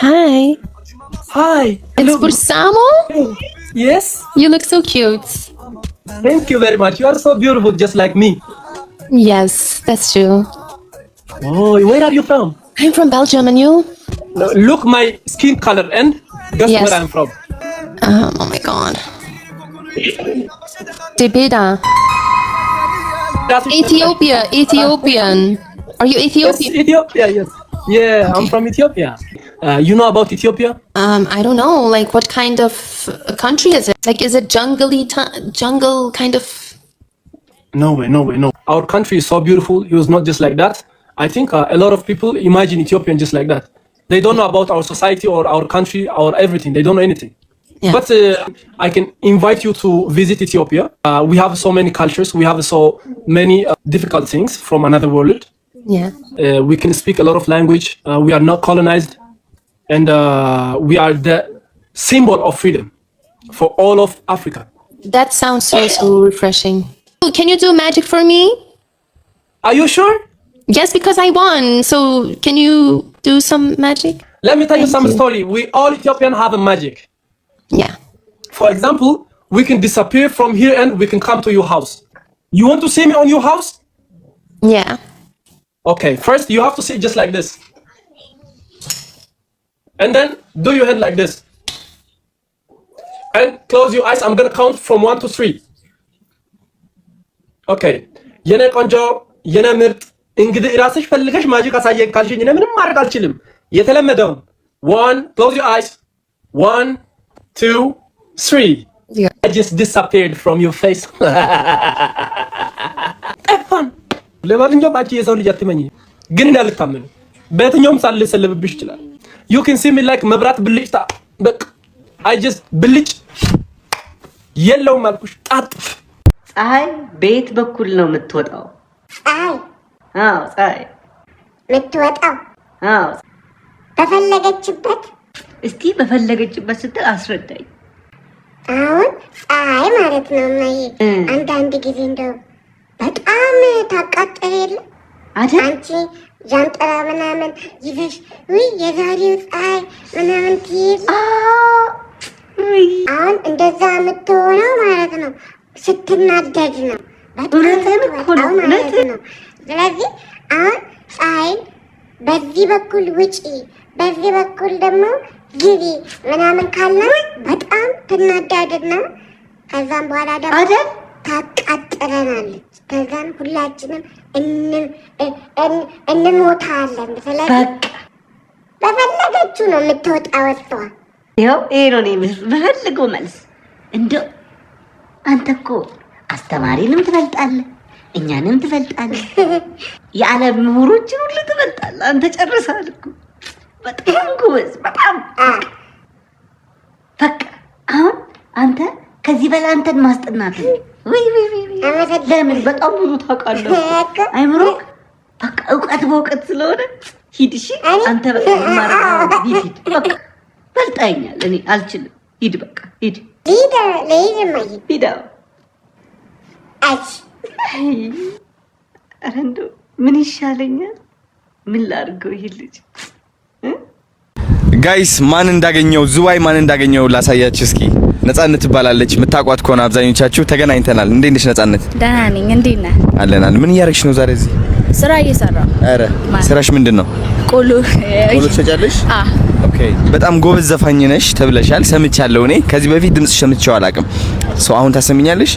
Hi. Hi. It's Hello. Bursamo? Yes. You look so cute. Thank you very much. You are so beautiful, just like me. Yes, that's true. Oh, where are you from? I'm from Belgium, and you? look my skin color and guess Yes. where I'm from. Um, oh my god. Debida. Ethiopia, Ethiopian. Are you Yes, Ethiopian? Ethiopia. Yes. Yeah, I'm from Ethiopia. Uh, you know about Ethiopia? Um, I don't know. Like, what kind of country is it? Like, is it jungly, jungle kind of? No way, no way, no. Our country is so beautiful. It was not just like that. I think uh, a lot of people imagine Ethiopian just like that. They don't know about our society or our country or everything. They don't know anything. Yeah. But uh, I can invite you to visit Ethiopia. Uh, we have so many cultures. We have so many uh, difficult things from another world. Yeah. Uh, we can speak a lot of language. Uh, we are not colonized, and uh, we are the symbol of freedom for all of Africa. That sounds so so refreshing. Can you do magic for me? Are you sure? Yes, because I won. So can you do some magic? Let me tell you Thank some you. story. We all Ethiopian have a magic. Yeah. For example, we can disappear from here and we can come to your house. You want to see me on your house? Yeah. Okay, first you have to say just like this. And then do your hand like this. And close your eyes. I'm going to count from one to three. Okay. የኔ ቆንጆ የኔ ምርጥ እንግዲህ ራስሽ ፈልገሽ ማጂክ አሳየን ካልሽኝ እኔ ምንም ማድረግ አልችልም። የተለመደውን ዋን ክሎዝ ዩር አይስ ዋን ቱ ስሪ ጀስት ዲስአፒርድ ፍሮም ዩር ፌስ ጠፋን። ለማንኛውም አንቺ የሰው ልጅ አትመኝ፣ ግን እንዳልታመን በየትኛውም ሳል ልሰለብብሽ ይችላል። ዩ ኬን ሲ ሚ ላይክ መብራት ብልጭታ በቃ አይ ጀስት ብልጭ የለውም አልኩሽ። ጣጥ ፀሐይ በየት በኩል ነው የምትወጣው? ፀሐይ አዎ፣ ፀሐይ የምትወጣው አዎ፣ በፈለገችበት እስቲ በፈለገችበት ስትል አስረዳኝ። አሁን ፀሐይ ማለት ነው እና አንዳንድ ጊዜ እንደው በጣም ታቃጠል የለ አንቺ ጃንጥላ ምናምን ይዘሽ ውይ የዛሬው ፀሐይ ምናምን ትይዝ። አሁን እንደዛ የምትሆነው ማለት ነው ስትናደድ ነው። በጣም ነው። ስለዚህ አሁን ፀሐይን በዚህ በኩል ውጪ፣ በዚህ በኩል ደግሞ ግቢ ምናምን ካለ በጣም ትናዳድና ከዛም በኋላ ደግሞ ታቃጥለናለች። ከዛን ሁላችንም እንሞታለን። በፈለገችው ነው የምትወጣ ወጥቷ። ይኸው ይሄ ነው በፈልገው መልስ። እንደው አንተ እኮ አስተማሪንም ትበልጣለህ፣ እኛንም ትበልጣለህ፣ የዓለም ምሁሮችን ሁሉ ትበልጣለህ። አንተ ጨርሳል እኮ በጣም ጎበዝ፣ በጣም በቃ። አሁን አንተ ከዚህ በላይ አንተን ማስጠናት ለምን በጣም ብዙ ታውቃለህ። አይምሮ በቃ እውቀት በእውቀት ስለሆነ ሂድ። እሺ አንተ በጣም ሂድ። በቃ በልጣኛል፣ እኔ አልችልም። ሂድ ሂድ። ኧረ እንደው ምን ይሻለኛል? ምን ላድርገው? ይሄ ልጅ ጋይስ ማን እንዳገኘው ዝዋይ ማን እንዳገኘው ላሳያችሁ እስኪ ነጻነት ትባላለች። የምታውቋት ከሆነ አብዛኞቻችሁ ተገናኝተናል። እንዴት ነሽ ነጻነት? ደህና ነኝ። እንዴት ነህ? አለናል። ምን እያደረግሽ ነው ዛሬ እዚህ? ስራ እየሰራሁ። አረ ስራሽ ምንድን ነው? ቆሎ ቆሎ ትሸጫለሽ? አዎ። ኦኬ። በጣም ጎበዝ ዘፋኝ ነሽ ተብለሻል፣ ሰምቻለሁ። እኔ ከዚህ በፊት ድምጽ ሰምቼው አላውቅም። ሰው አሁን ታሰሚኛለሽ?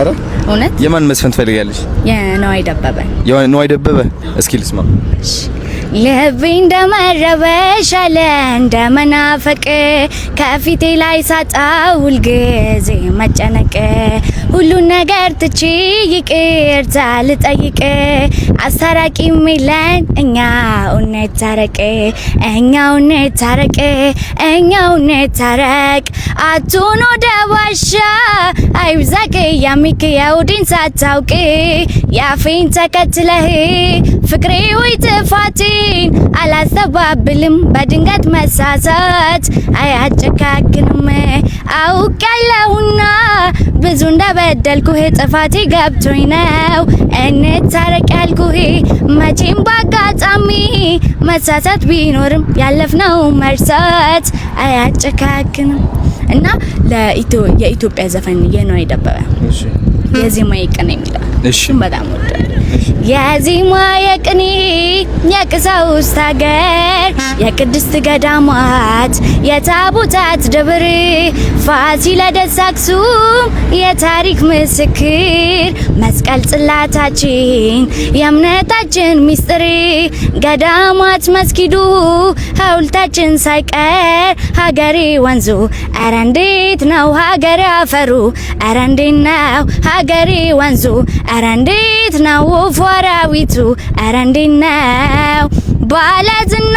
አረ እውነት? የማን መስፈን ትፈልጋለሽ? የነዋይ ደበበ። የነዋይ ደበበ? እስኪ ልስማ። ልቤ እንደመረበሽ አለ እንደመናፈቅ ከፊቴ ላይ ሳጣው ሁልጊዜ መጨነቅ ሁሉን ነገር ትቺ ይቅርታ ልጠይቅ አስታራቂ ሚለን እኛ እውነት ታረቅ እኛ እውነት ታረቅ እኛ እውነት ታረቅ አቱን ወደ ዋሻ አይብዛቅ ያሚክ የውዲን ሳታውቅ ያፌን ተከትለህ ፍቅሬ ወይ ትፋቴ አላስተባብልም በድንገት መሳሳት አያጨካክንም አውቃለሁና ብዙ እንደበደልኩህ ጥፋቴ ገብቶኝ ነው እንታረቅ ያልኩህ መቼም ባጋጣሚ መሳሳት ቢኖርም ያለፍነው መርሳት አያጨካክንም እና የኢትዮጵያ ዘፈን የነዋይ ደበበ የዜማዬ ቀን የሚለው በጣም ወደ የዜማ የቅኔ የቅሳውስት ሀገር የቅድስት ገዳማት የታቦታት ደብር ፋሲለደስ አክሱም የታሪክ ምስክር መስቀል ጽላታችን የእምነታችን ሚስጥር ገዳማት መስጊዱ ሐውልታችን ሳይቀር ሀገሬ ወንዙ ኧረ እንዴት ነው ሀገሬ አፈሩ ኧረ እንዴት ነው ሀገሬ ወንዙ ኧረ እንዴት ነው ወራዊቱ ኧረ እንዴት ነው ባለዝና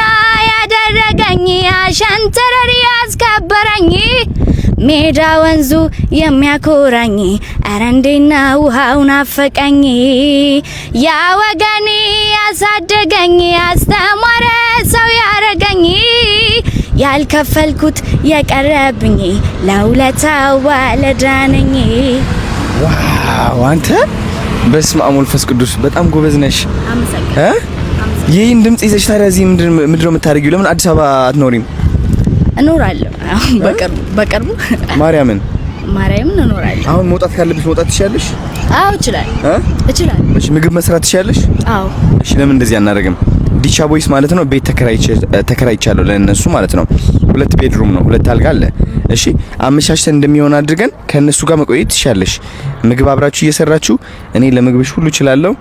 ያደረገኝ አሸንተረር ያስከበረኝ ሜዳ ወንዙ የሚያኮራኝ ኧረ እንዴት ነው ውሃው ናፈቀኝ ያ ወገኔ ያሳደገኝ ያስተማረ ሰው ያረገኝ ያልከፈልኩት የቀረብኝ ለውለታው ባለዳነኝ! ዋው አንተ በስመ አብ ወመንፈስ ቅዱስ በጣም ጎበዝ ነሽ። ይህን ድምጽ ይዘሽ ታዲያ እዚህ ምንድን ነው የምታደርጊው? ለምን አዲስ አበባ አትኖሪም? እኖራለሁ። በቅርቡ በቅርቡ ማርያምን ማርያምን እኖራለሁ። አሁን መውጣት ካለብሽ መውጣት ትችያለሽ? አዎ እችላለሁ። እችላለሁ። እሺ ምግብ መስራት ትችያለሽ? አዎ። እሺ ለምን እንደዚህ አናደርግም? ዲቻ ቦይስ ማለት ነው ቤት ተከራይቻለሁ ለእነሱ ማለት ነው። ሁለት ቤድሩም ነው፣ ሁለት አልጋ አለ። እሺ አመቻችተን እንደሚሆን አድርገን ከእነሱ ጋር መቆየት ትሻለሽ። ምግብ አብራችሁ እየሰራችሁ እኔ ለምግብሽ ሁሉ እችላለሁ።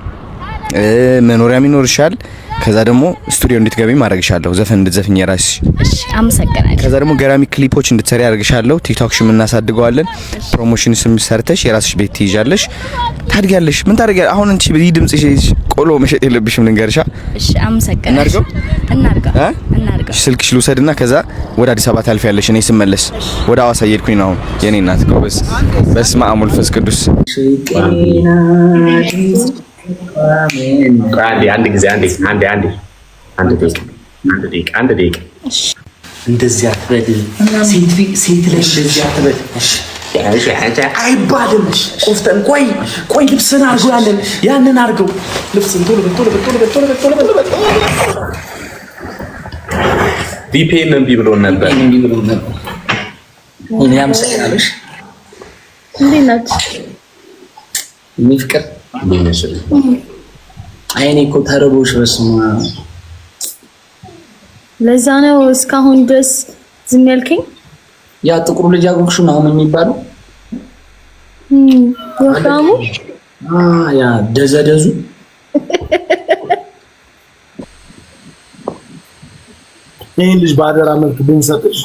መኖሪያ ይኖርሻል። ከዛ ደግሞ ስቱዲዮ እንድትገቢ ማድረግሻለሁ። ዘፈን እንድትዘፍኝ የራስሽ። እሺ፣ አመሰግናለሁ። ከዛ ደግሞ ገራሚ ክሊፖች እንድትሰሪ አድርግሻለሁ። ቲክቶክሽም እናሳድገዋለን። ፕሮሞሽን ስም ሰርተሽ የራስሽ ቤት ትይዣለሽ፣ ታድጊያለሽ። ምን ታድጊያለሽ? አሁን አንቺ በዚህ ድምጽሽ ቆሎ መሸጥ የለብሽም። ልንገርሻ። እሺ፣ አመሰግናለሁ። እናድርገው፣ እናድርገው። ስልክሽ ልውሰድና ከዛ ወደ አዲስ አበባ ታልፊያለሽ። እኔ ስመለስ ወደ አዋሳ እየሄድኩኝ ነው። የኔ እናት ጎበዝ። በስመ አብ ወልፈስ ቅዱስ አንድ ጊዜ አንዴ አንዴ አንዴ አንድ ደቂቃ አንድ ደቂቃ አንድ ደቂቃ። እንደዚህ አትበል፣ ሴት ላይ እንደዚህ አትበል አይባልም። ቆፍጠን ቆይ ቆይ፣ ልብስን አርጎ ያለን ያንን አርገው ልብስን ቶሎ በል ቶሎ በል ቶሎ በል ቶሎ ቪፒኤን እምቢ ብሎን ነበር። እኔ አመሰግናለሽ። እንዴት ናችሁ? እኔ ይመስል አይኔ እኮ ተርቦሽ በስማ ለዛ ነው እስካሁን ድረስ ዝም ያልከኝ። ያ ጥቁሩ ልጅ አጉክሹ ነው የሚባለው ወፍራሙ። ያ ደዘደዙ ይህን ልጅ በአደራ መልክ ብንሰጥሽ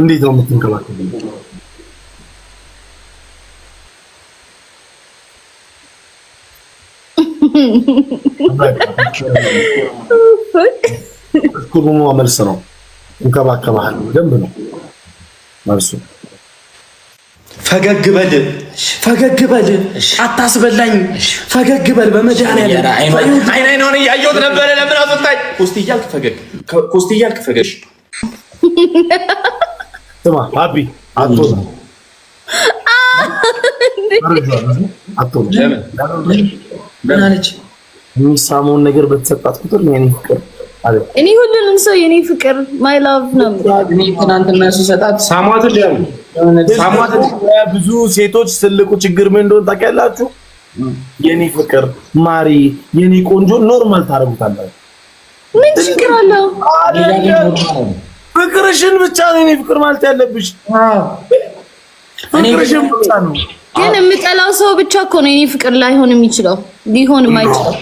እንዴት ነው የምትንከባከብ? ሽኩርሙ መልስ ነው። እንከባከባሃል። ደንብ ነው መልሱ። ፈገግ በል ፈገግ በል አታስበላኝ። ፈገግ በል በመድኃኒዓለም አይን አይነውን እያየሁት ነበረ። ለምን አስወጣኝ? ኮስቲ እያልክ ፈገግ፣ ኮስቲ እያልክ ፈገግ። ስማ አቢ አቶ ምናለች? የሚሳመውን ነገር በተሰጣት ቁጥር የኔ ፍቅር አለ። እኔ ሁሉንም ሰው የኔ ፍቅር ማይ ላቭ ነው። እኔ ትናንትና እሱ ሰጣት ሳሟት። ብዙ ሴቶች ትልቁ ችግር ምን እንደሆነ ታውቂያላችሁ? የኔ ፍቅር ማሪ፣ የኔ ቆንጆ ኖርማል ታደርጉታላችሁ። ምን ችግር አለው? ፍቅርሽን ብቻ ነው የኔ ፍቅር ማለት ያለብሽ። ፍቅርሽን ብቻ ነው። ግን የምጠላው ሰው ብቻ እኮ ነው የኔ ፍቅር ላይሆን የሚችለው ሊሆን የማይችል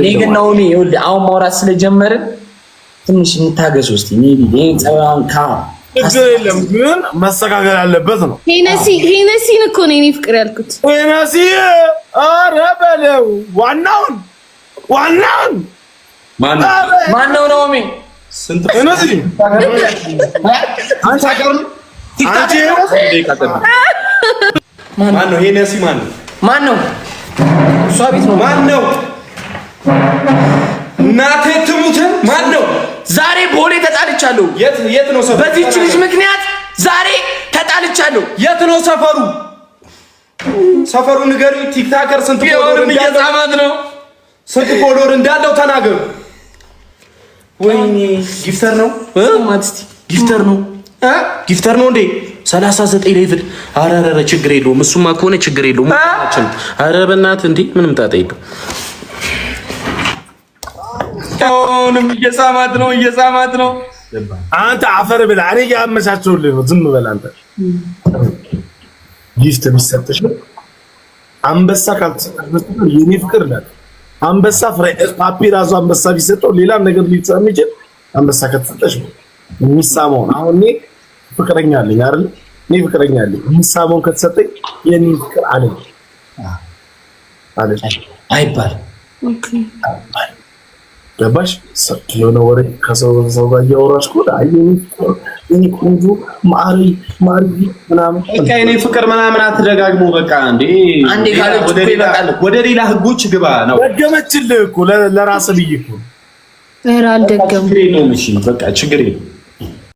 እኔ ግን ነው እኔ ይኸውልህ፣ አሁን ማውራት ስለጀመርን ትንሽ እንታገስ። ውስጥ ችግር የለም ግን መስተካከል ያለበት ነው። ሄነሲን እኮ ነው እኔ ፍቅር ያልኩት። ሄነሲ አረ በለው ዋናውን ዋናውን ማነው ነው ሜ ሄነሲ አንተ አቀር አንቺ ማነው ሄነሲ ማነው ማነው እሷ ቤት ነው። ማን ነው? እናቴ ትሙትን። ማን ነው? ዛሬ ቦሌ ተጣልቻለሁ። የት የት ነው ሰፈሩ? በዚህች ልጅ ምክንያት ዛሬ ተጣልቻለሁ። የት ነው ሰፈሩ? ሰፈሩ ንገሪ። ቲክታከር ስንት ፎሎወር እየጻማት ነው? ስንት ፎሎወር እንዳለው ተናገሩ። ወይኔ ጊፍተር ነው። ጊፍተር ነው። ጊፍተር ነው እንዴ? ሰላሳ ዘጠኝ ሌቭል አረረረ ችግር የለውም። እሱማ ከሆነ ችግር የለውም። አረ በእናትህ እንዲህ ምንም ጣጣ የለውም። አሁንም እየሳማት ነው እየሳማት ነው። አንተ አፈር ብላ እኔ ያመቻቸውልህ ነው። ዝም በል አንተ። ጊፍት የሚሰጥሽ አንበሳ ካልተሰጠሽ የኔ ፍቅር ናት። አንበሳ ፍሬ ፓፒ ራሱ አንበሳ ቢሰጠው ሌላ ነገር ሊሰጥ የሚችል አንበሳ ከተሰጠሽ የሚሳመውን አሁን እኔ ፍቅረኛ አለኝ አይደል? እኔ ፍቅረኛ አለኝ። ምሳሞን ከተሰጠኝ የኔ ፍቅር አለ አለች። አይባል ገባሽ? የሆነ ወሬ ከሰው ሰው ጋር እያወራሽ እኮ የኔ ቆንጆ ማሪ ማሪ ምናምን በቃ የኔ ፍቅር ምናምን አትደጋግሙ። በቃ እንዴ ወደ ሌላ ህጎች ግባ ነው። ደገመችልህ እኮ ለራስህ ብዬሽ እኮ ኧረ አልደገምኩም። በቃ ችግር የለም